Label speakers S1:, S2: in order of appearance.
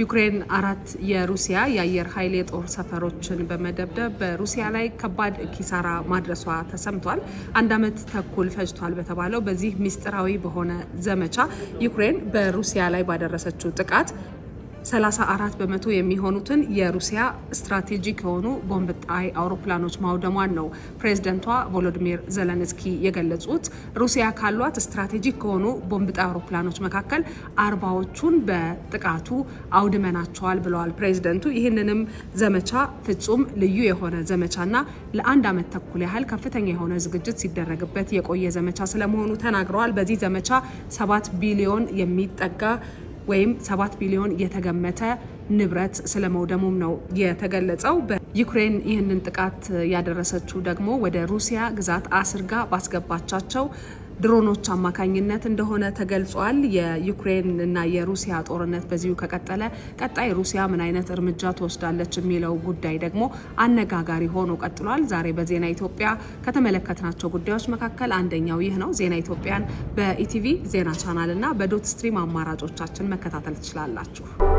S1: ዩክሬን አራት የሩሲያ የአየር ኃይል የጦር ሰፈሮችን በመደብደብ በሩሲያ ላይ ከባድ ኪሳራ ማድረሷ ተሰምቷል። አንድ ዓመት ተኩል ፈጅቷል በተባለው በዚህ ምስጢራዊ በሆነ ዘመቻ ዩክሬን በሩሲያ ላይ ባደረሰችው ጥቃት 34 በመቶ የሚሆኑትን የሩሲያ ስትራቴጂክ የሆኑ ቦምብ ጣይ አውሮፕላኖች ማውደሟን ነው ፕሬዝደንቷ ቮሎዲሚር ዘለንስኪ የገለጹት። ሩሲያ ካሏት ስትራቴጂክ ከሆኑ ቦምብ ጣይ አውሮፕላኖች መካከል አርባዎቹን በጥቃቱ አውድመናቸዋል ብለዋል ፕሬዝደንቱ። ይህንንም ዘመቻ ፍጹም ልዩ የሆነ ዘመቻና ለአንድ ዓመት ተኩል ያህል ከፍተኛ የሆነ ዝግጅት ሲደረግበት የቆየ ዘመቻ ስለመሆኑ ተናግረዋል። በዚህ ዘመቻ ሰባት ቢሊዮን የሚጠጋ ወይም 7 ቢሊዮን የተገመተ ንብረት ስለመውደሙም ነው የተገለጸው። በዩክሬን ይህንን ጥቃት ያደረሰችው ደግሞ ወደ ሩሲያ ግዛት አስርጋ ባስገባቻቸው ድሮኖች አማካኝነት እንደሆነ ተገልጿል። የዩክሬን እና የሩሲያ ጦርነት በዚሁ ከቀጠለ ቀጣይ ሩሲያ ምን አይነት እርምጃ ትወስዳለች የሚለው ጉዳይ ደግሞ አነጋጋሪ ሆኖ ቀጥሏል። ዛሬ በዜና ኢትዮጵያ ከተመለከትናቸው ጉዳዮች መካከል አንደኛው ይህ ነው። ዜና ኢትዮጵያን በኢቲቪ ዜና ቻናል እና በዶት ስትሪም አማራጮቻችን መከታተል ትችላላችሁ።